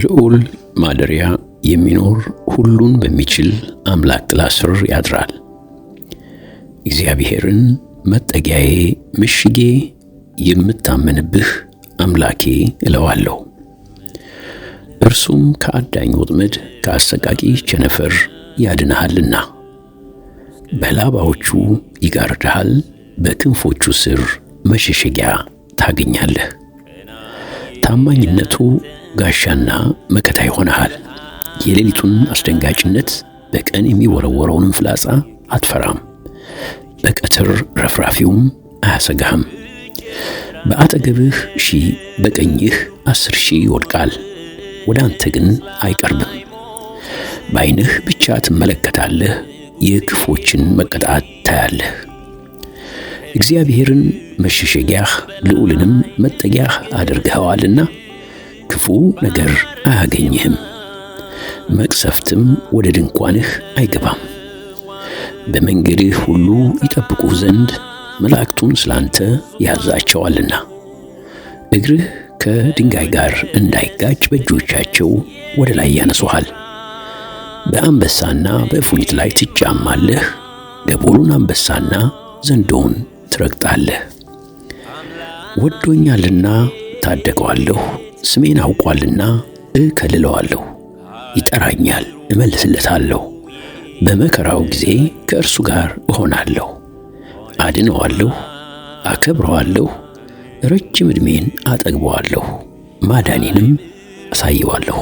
በልዑል ማደሪያ የሚኖር ሁሉን በሚችል አምላክ ጥላ ስር ያድራል። እግዚአብሔርን መጠጊያዬ፣ ምሽጌ፣ የምታመንብህ አምላኬ እለዋለሁ። እርሱም ከአዳኝ ወጥመድ ከአሰቃቂ ቸነፈር ያድንሃልና በላባዎቹ ይጋርድሃል፣ በክንፎቹ ስር መሸሸጊያ ታገኛለህ። ታማኝነቱ ጋሻና መከታ ይሆናል። የሌሊቱን አስደንጋጭነት በቀን የሚወረወረውንም ፍላጻ አትፈራም። በቀትር ረፍራፊውም አያሰጋህም። በአጠገብህ ሺህ በቀኝህ አስር ሺህ ይወድቃል፣ ወደ አንተ ግን አይቀርብም። በዓይንህ ብቻ ትመለከታለህ፣ የክፎችን መቀጣት ታያለህ። እግዚአብሔርን መሸሸጊያህ ልዑልንም መጠጊያህ አድርገኸዋልና ክፉ ነገር አያገኝህም፣ መቅሰፍትም ወደ ድንኳንህ አይገባም። በመንገድህ ሁሉ ይጠብቁህ ዘንድ መላእክቱን ስላንተ ያዛቸዋልና እግርህ ከድንጋይ ጋር እንዳይጋጭ በእጆቻቸው ወደ ላይ ያነሱሃል። በአንበሳና በእፉኝት ላይ ትጫማለህ፣ ደቦሉን አንበሳና ዘንዶውን ትረግጣለህ። ወዶኛልና እታደገዋለሁ። ስሜን አውቋልና እከልለዋለሁ። ይጠራኛል፣ እመልስለታለሁ። በመከራው ጊዜ ከእርሱ ጋር እሆናለሁ። አድነዋለሁ፣ አከብረዋለሁ። ረጅም ዕድሜን አጠግበዋለሁ፣ ማዳኔንም አሳየዋለሁ።